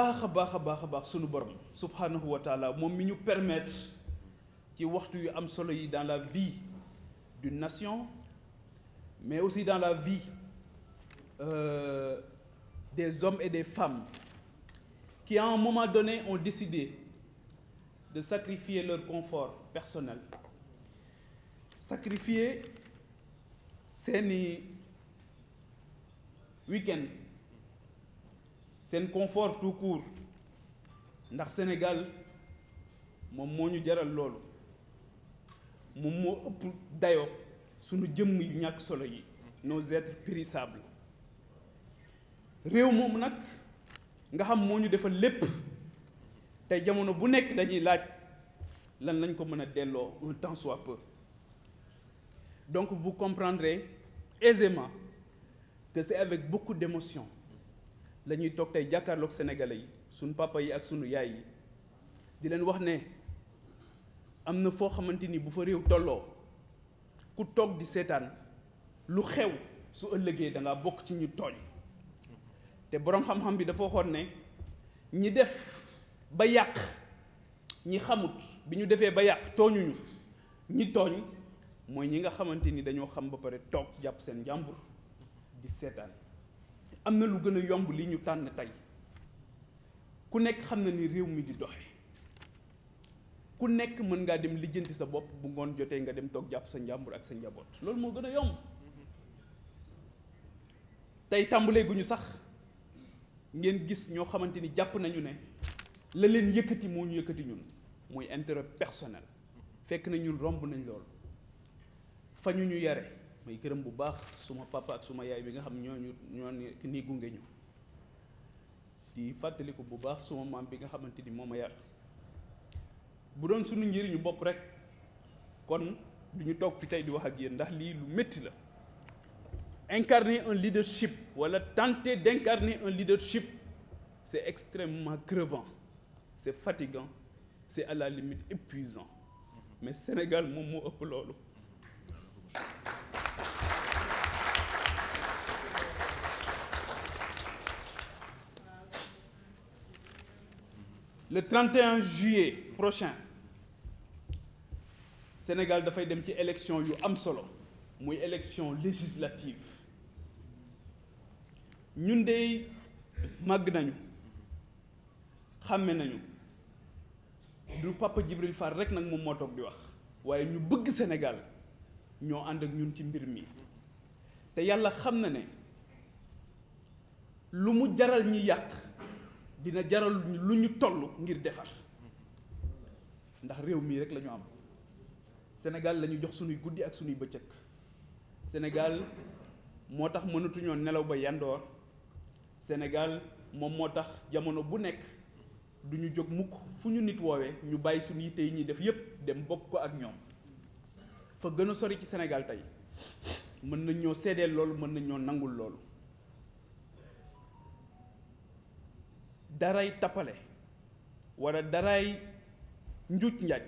baax a baax a baax suñu baax sunu borom subhanahu wa taala moom mi ñu permettre ci waxtu yu am solo yi dans la vie d'une nation mais aussi dans la vie euh, des hommes et des femmes qui à un moment donné ont décidé de sacrifier leur confort personnel sacrifier seeni week-end seen confort tout court ndax Sénégal moom moo ñu jaral loolu moom moo ëpp dayoo suñu jëmm yu ñàkk solo yi nos êtres périssables réew moom nag nga xam moo ñu defal lépp te jamono bu nekk dañuy laaj lan lañ ko mën a delloo un temps soit peu donc vous comprendrez aisément que c'est avec beaucoup d'émotion lañuy toog tey jàkkaarloog sénégalais yi sunu papa yi ak sunu yaay yi di leen wax ne am na foo xamante ni bu fa réew tolloo ku toog di seetaan lu xew su ëllëgee da bokk ci ñu tooñ te boroom xam-xam bi dafa waxoon ne ñi def ba yàq ñi xamut bi ñu defee ba yàq tooñuñu ñi tooñ mooy ñi nga xamante ni dañoo xam ba pare toog jàpp seen njàmbur di seetaan. am na lu gën a yomb li ñu tànn tey ku nekk xam na ni réew mi di doxe ku nekk mën ngaa dem lijjanti sa bopp bu ngoon jotee nga dem toog jàpp sa njàmbur ak sa njaboot loolu moo gën a yomb tey tàmbalee gu ñu sax ngeen gis ñoo xamante ni jàpp nañu ne la leen yëkkati moo ñu yëkkati ñun muy intérêt personnel fekk nañu romb nañ loolu fa ñu ñu yare may gërëm bu baax suma papa ak suma yaay bi nga xam ñooñu ñoo nii gunge ñu di fàttaliku bu baax suma maam bi nga xamante ni moom a yar bu doon suñu njëriñu bopp rek kon du ñu toog fi tey di wax ak yéen ndax lii lu métti la incarner un leadership wala tenter d'incarner un leadership c'est extrêmement crevant c'est fatigant c'est à la limite épuisant mais Sénégal moom moo ëpp loolu le 31 juillet prochain Sénégal dafay dem ci élection yu am solo muy élection législative ñun dey màgg nañu xàmme nañu du Papa Djibril Fall rek nag moom moo toog di wax waaye ñu bëgg Sénégal ñoo ànd ak ñun ci mbir mi te yàlla xam na ne lu mu jaral ñi yàq dina jaral lu ñu tollu ngir defar ndax réew mii rek la am Sénégal la jox sunuy guddi ak sunuy bëccëg senegal moo tax mënatuñoo nelaw ba yandoor Sénégal moom moo tax jamono bu nekk du ñu jóg mukk fu ñu nit woowee ñu bàyyi suñu tey yi ñuy def yépp dem bokk ko ak ñoom fa gën a sori ci Sénégal tey mën nañ ñoo seedeel loolu mën nañoo ñoo nangul loolu daray tappale walla daray njuuj njaaj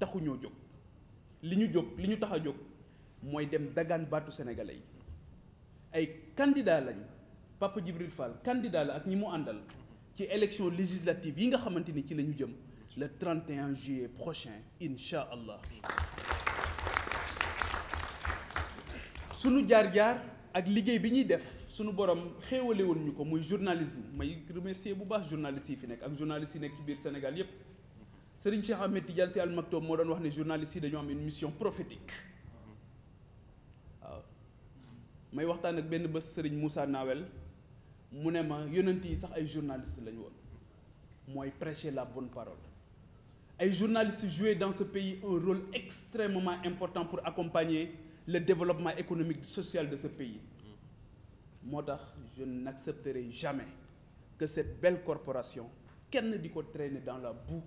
taxuñoo jóg li ñu jóg li ñu tax a jóg mooy dem dagaan baatu sénégalais yi ay candidat lañu Papa Djibril Fall candidat la ak ñi mu àndal ci élection législative yi nga xamante ni ci la ñu jëm le 31 juillet prochain incha allah sunu jaar-jaar ak liggéey bi ñuy def sunu borom xéewalewul ñu ko muy journalisme may remercier bu baax journaliste yi fi nekk ak journaliste yi nekk biir Sénégal yépp Serigne Cheikh Ahmed Tidiane Sy Al Maktoum moo doon wax ne journaliste yi dañoo am une mission prophétique waaw may waxtaan ak benn bés Serigne Moussa Nawel mu ne ma yonent yi sax ay journaliste lañu woon mooy prêcher la bonne parole ay journalistes jouent dans ce pays un rôle extrêmement important pour accompagner le développement économique social de ce pays moo tax je n'accepterai jamais que cette belle corporation kenn di ko traîner dans la boue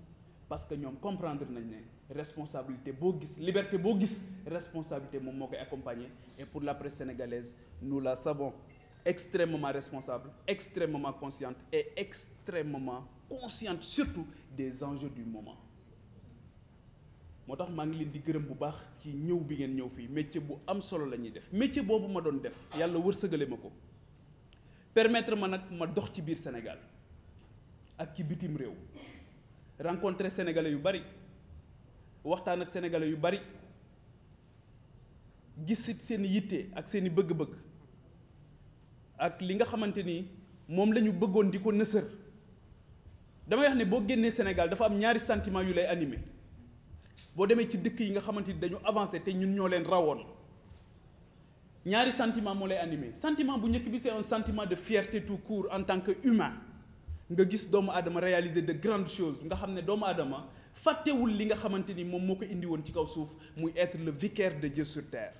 parce que ñoom comprendre nañ ne responsabilité boo gis liberté boo gis responsabilité moom moo koy accompagner et pour la presse sénégalaise nu la savons extrêmement responsable extrêmement consciente et extrêmement consciente surtout des enjeux du moment moo tax maa ngi leen di gërëm bu baax ci ñëw bi ngeen ñëw fii métier bu am solo la ñuy def métier boobu ma doon def yàlla wërsëgale ma ko permettre ma nag ma dox ci biir Sénégal ak ci bitim réew rencontrer sénégalais yu bari waxtaan ak sénégalais yu bari gisit seen yitte ak seeni bëgg-bëgg ak li nga xamante ni moom la ñu bëggoon di ko nësër damay wax ne boo génnee Sénégal dafa am ñaari sentiment yu lay animé boo demee ci dëkk yi nga xamante ni dañu avancé te ñun ñoo leen rawoon ñaari sentiment moo lay animé sentiment bu njëkk bi c'est un sentiment de fierté tout court en tant que humain nga gis doomu aadama réaliser de grandes choses nga xam ne doomu aadama fàttewul li nga xamante ni moom moo ko indi woon ci kaw suuf muy être le vicaire de Dieu sur terre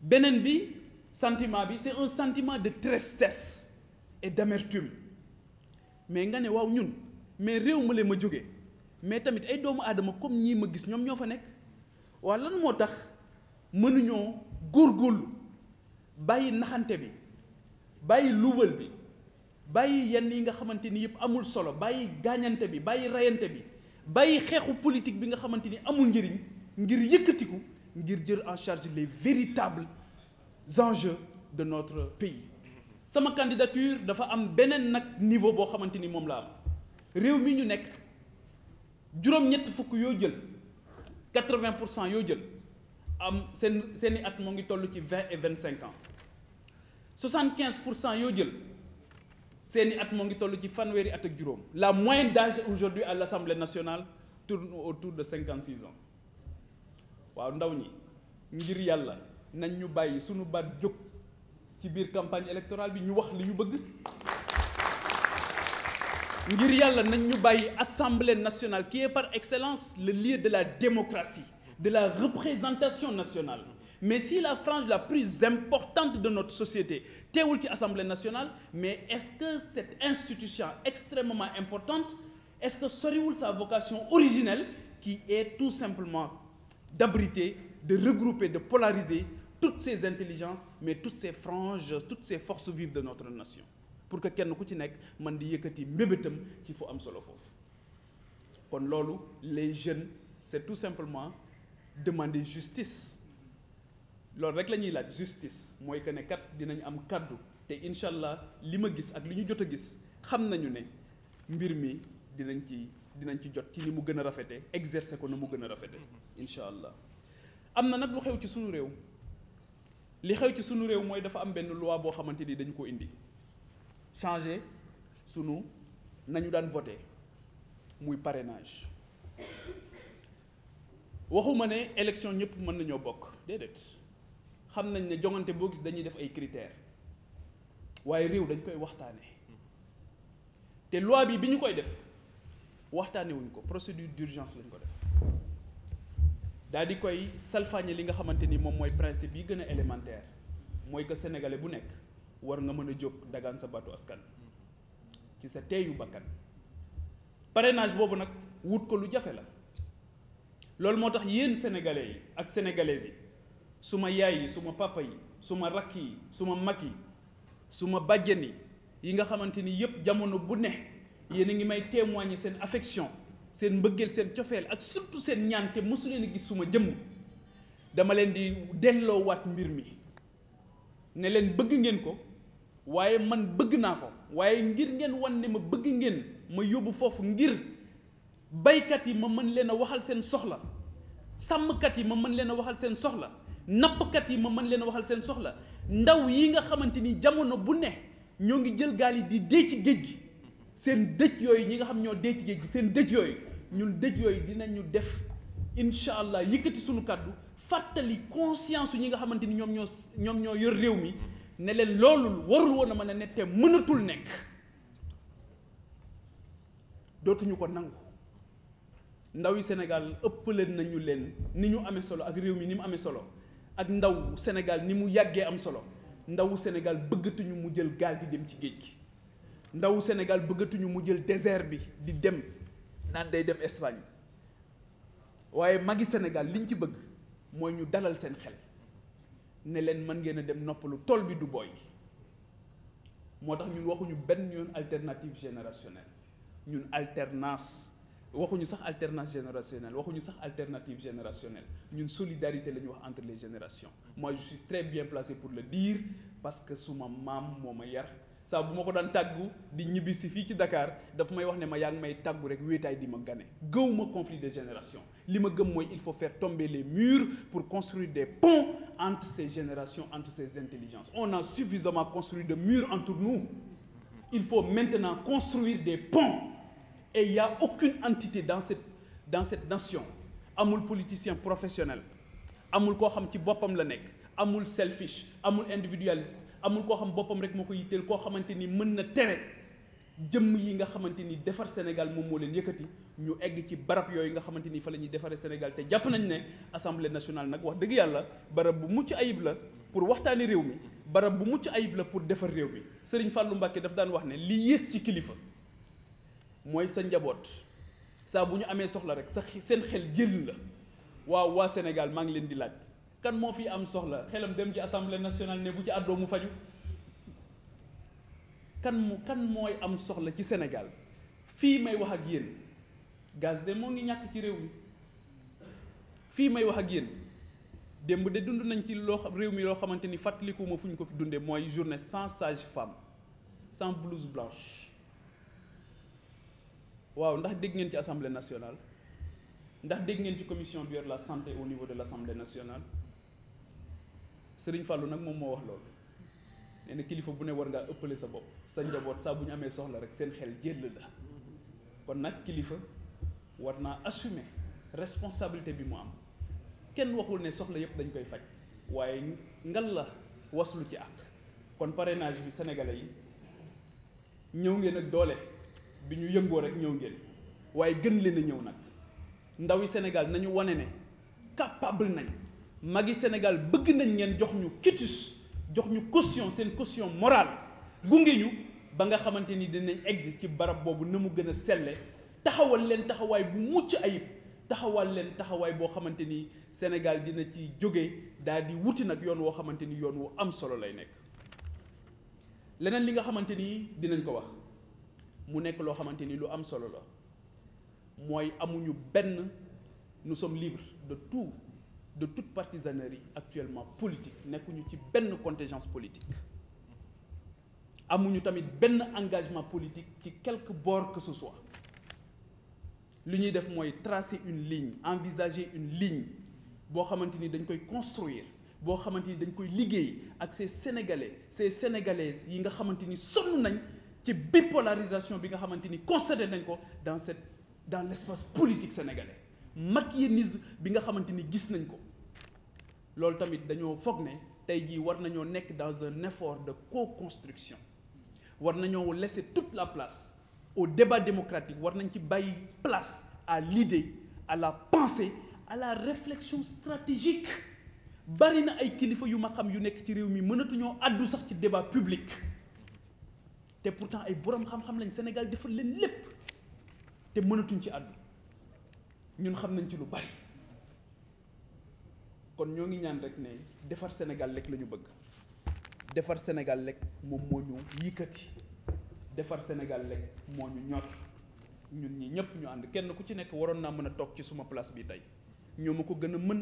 beneen bi sentiment bi c'est un sentiment de tristesse et d'amertume mais nga ne waaw ñun mais réew ma leen ma jóge mais tamit ay doomu aadama comme ñii ma gis ñoom ñoo fa nekk waaw lan moo tax mënuñoo góorgóorlu bàyyi naxante bi bàyyi luubal bi bàyyi yenn yi nga xamante ni yëpp amul solo bàyyi gaañante bi bàyyi rayante bi bàyyi xeexu politique bi nga xamante ni amul njëriñ ngir yëkkatiku ngir jël en charge les véritables enjeux de notre pays sama candidature dafa am beneen nag niveau boo xamante ni moom la am réew mi ñu nekk juróom-ñett fukk yoo jël quatre-vingt pour cent yoo jël am seen seen at moo ngi toll ci vingt et vingt cinq ans soixante pour cent yoo jël seeni at moo ngi toll ci fanweeri at ak juróom la moyenne d'âge aujourd'hui à l'Assemblée nationale tourne autour de cinquante six ans waaw ndaw ñi ngir yàlla nañ ñu bàyyi sunu baat jóg ci biir campagne électorale bi ñu wax li ñu bëgg ngir yàlla nañ ñu bàyyi assemblée nationale qui est par excellence le lieu de la démocratie de la représentation nationale mais si la frange la plus importante de notre société teewul ci assemblée nationale mais est-ce que cette institution extrêmement importante est-ce que soriwul sa vocation originelle qui est tout simplement d'abriter de regrouper de polariser toutes ces intelligences mais toutes ces franges toutes ces forces vives de notre nation pour que kenn ku ci nekk man di yëkkati mbébétam ci fu am solo foofu kon loolu les jeunes c'est tout simplement demander justice loolu rek la ñuy laaj justice mooy que ne kat dinañ am kàddu te incha allah li ma gis ak li ñu jot a gis xam nañu ne mbir mi dinañ ci dinañ ci jot ci ni mu gën a rafete exercer ko na mu gën a rafete incha allah am na nag lu xew ci sunu réew li xew ci sunu réew mooy dafa am benn loi boo xamante ni dañu ko indi changer sunu nañu daan voter muy parenage waxuma ne élection ñëpp mën nañoo bokk déedéet xam nañ ne jongante boo gis dañuy def ay critères waaye réew dañ koy waxtaane te loi bi ñu koy def waxtaane wuñ ko procédure d'urgence lañ ko def daal di koy salfaañe li nga xamante ni moom mooy principe yi gën a élémentaire mooy que sénégalais bu nekk war nga mën a jóg dagaan sa baatu askan ci sa teeyu bakkan parenage boobu nag wut ko lu jafe la loolu moo tax yéen sénégalais yi ak sénégalaises yi suma yaay yi suma ma papa yi suma rakk yi su mag yi suma ma yi yi nga xamante ni yëpp jamono bu ne yéen a ngi may témoigner seen affection seen mbëggeel seen cofeel ak surtout seen ñaan te mosu leen gis suma ma jëmm dama leen di delloowaat mbir mi ne leen bëgg ngeen ko waaye man bëgg naa ko waaye ngir ngeen wan ne ma bëgg ngeen ma yóbbu foofu ngir. baykat yi ma mën leen a waxal seen soxla sàmmkat yi ma mën leen a waxal seen soxla nappkat yi ma mën leen a waxal seen soxla ndaw yi nga xamante ni jamono bu ne ñoo ngi jël gaal yi di dee ci géej gi seen dëj yooyu ñi nga xam ñoo dee ci géej gi seen dëj yooyu ñun dëj yooyu dinañu def incha allah yëkkati sunu kàddu fàttali conscience ñi nga xamante ni ñoom ñoo ñoom ñoo yor réew mi ne leen loolu warul woon a mën a ne te mënatul nekk dootuñu ko nangu. ndaw yi Sénégal ëpp leen nañu leen ni ñu amee solo ak réew mi ni mu amee solo ak ndaw Sénégal ni mu yàggee am solo ndawu Sénégal bëggatuñu mu jël gaal di dem ci géej gi ndawu Sénégal bëggatuñu mu jël désert bi di dem naan day dem Espagne waaye magi Sénégal liñ ci bëgg mooy ñu dalal seen xel ne leen mën ngeen dem noppalu tool bi du boy moo tax ñun waxuñu benn yoon alternative générationnelle ñun alternance waxuñu sax alternance générationnelle waxuñu sax alternative générationnelle ñun solidarité la ñuy wax entre les générations moi je suis très bien placé pour le dire parce que ma maam moo ma yar saa bu ma ko daan tàggu di ñibbisi fii ci dakaar dafa may wax ne ma yaa ngi may tàggu rek wéetaay di ma gane gëw ma conflit des générations li ma gëm mooy il faut faire tomber les murs pour construire des ponts entre ces générations entre ces intelligences on a suffisamment construit de murs entre nous faut maintenant construire des ponts Et il n'y entité dans cette, dans cette nation. amul politicien professionnel amul koo xam ci boppam la nekk amul selfish amul individualiste amul koo xam boppam rek moo ko yitteel koo xamante ni mën na tere jëmm yi nga xamante ni defar Sénégal moom moo leen yëkkati ñu egg ci barab yooyu nga xamante ni fa la ñuy defaree Sénégal te jàpp nañ ne assemblée nationale nag wax dëgg yàlla barab bu mucc ayib la pour waxtaani réew mi barab bu mucc ayib la pour defar réew mi Serigne daf daan wax ne li yées ci kilifa. mooy sa njaboot saa bu ñu amee soxla rek sa seen xel jël la waaw waa Sénégal maa ngi leen di laaj kan moo fi am soxla xelam dem ci assemblée nationale ne bu ci àddoo mu faju kan mu mooy am soxla ci Sénégal fii may wax ak yéen gaz de moo ngi ñàkk ci réew mi fii may wax ak yéen démb de dund nañ ci loo xam réew mi loo xamante ni fàttalikuma fu ñu ko fi dundee mooy journée sans sage femme sans blouse blanche waaw ndax dégg ngeen ci assemblée nationale ndax dégg ngeen ci commission bi yor la santé au niveau de l' assemblée nationale Serigne Fallou nag moom moo wax loolu nee kilifa bu ne war ngaa ëppale sa bopp sa njaboot saa bu ñu amee soxla rek seen xel jël la kon nag kilifa war naa assumé responsabilité bi mu am kenn waxul ne soxla yëpp dañ koy faj waaye ngal la waslu ci àq kon parenage bi sénégalais yi ñëw ngeen ak doole. bi ñu yëngoo rek ñëw ngeen waaye gën leen ñëw nag ndaw yi Sénégal nañu wane ne capable nañ magi Sénégal bëgg nañ ngeen jox ñu quitus jox ñu caution seen caution morale gunge ñu ba nga xamante ni dinañ egg ci barab boobu na mu gën a selle taxawal leen taxawaay bu mucc ayib taxawal leen taxawaay boo xamante ni Sénégal dina ci jóge daal wuti nag yoon woo xamante ni yoon wu am solo lay nekk leneen li nga xamante ni dinañ ko wax. mu nekk loo xamante ni lu am solo la mooy amuñu benn nu sommes libre de tout de toute partisanerie actuellement politique nekkuñu ci benn contingence politique amuñu tamit benn engagement politique ci quelque bord que ce soit li ñuy def mooy tracer une ligne envisager une ligne boo xamante ni dañ koy construire boo xamante ni dañ koy liggéey ak ces sénégalais ces sénégalaises yi nga xamante ni sonn nañ ci bipolarisation bi nga xamante ni constaté nañ ko dans cette dans l' espace politique sénégalais machiavélisme bi nga xamante ni gis nañ ko loolu tamit dañoo foog ne tey jii war nañoo nekk dans un effort de co-construction war nañoo laisser toute la place au débat démocratique war nañ ci bàyyi place à l'idée à la pensée à la réflexion stratégique bari na ay kilifa yu ma xam yu nekk ci réew mi mënatuñoo àddu sax ci débat publique te pourtant ay borom xam-xam lañ senegal defal leen lépp te mënatuñ ci àddu ñun xam nañ ci lu bari kon ñoo ngi ñaan rek ne defar senegal rek la ñu bëgg defar senegal rek moom moo ñu yëkkati defar senegal rek moo ñu ñor ñun ñi ñëpp ñu ànd kenn ku ci nekk waroon naa mën a toog ci suma place bii tey ñoo ma ko gën a mën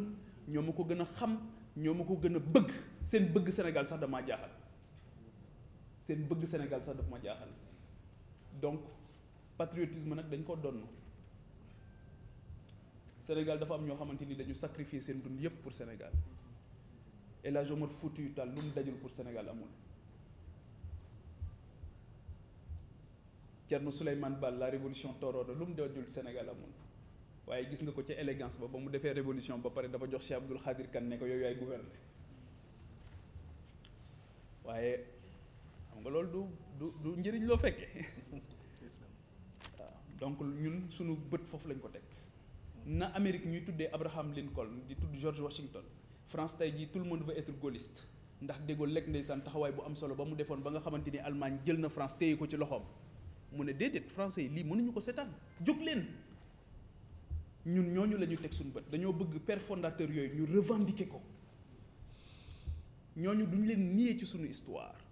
ñoo ma ko gën a xam ñoo ma ko gën a bëgg seen bëgg Sénégal sax damaa jaaxal. seen bëgg Sénégal sax daf ma jaaxal donc patriotisme nag dañ ko donn Sénégal dafa am ñoo xamante ni dañu sacrifier seen dund yépp pour Sénégal El Hadj Omar Foutiyou Tall lu mu dajul pour Sénégal amul Thierno Souleymane Baal la révolution torodo lu mu dajul Sénégal amul waaye gis nga ko ca élégance ba ba mu defee révolution ba pare dafa jox Cheikh Abdoul Khadir Kane ne ko yooyu yaay gouverner waaye nga loolu du du du njëriñ loo fekkee waaw donc ñun sunu bët foofu lañ ko teg na Amérique ñuy tuddee Abraham Lincoln di tudd George Washington France tey jii tout le monde veut être gaulliste ndax De lekk ndeysaan taxawaay bu am solo ba mu defoon ba nga xamante ni Allemagne jël na France téye ko ci loxoom mu ne déedéet français yi lii mënuñu ko seetaan jóg leen ñun ñooñu lañu teg suñu bët dañoo bëgg père yooyu ñu revendiquer ko ñooñu duñu leen nier ci suñu histoire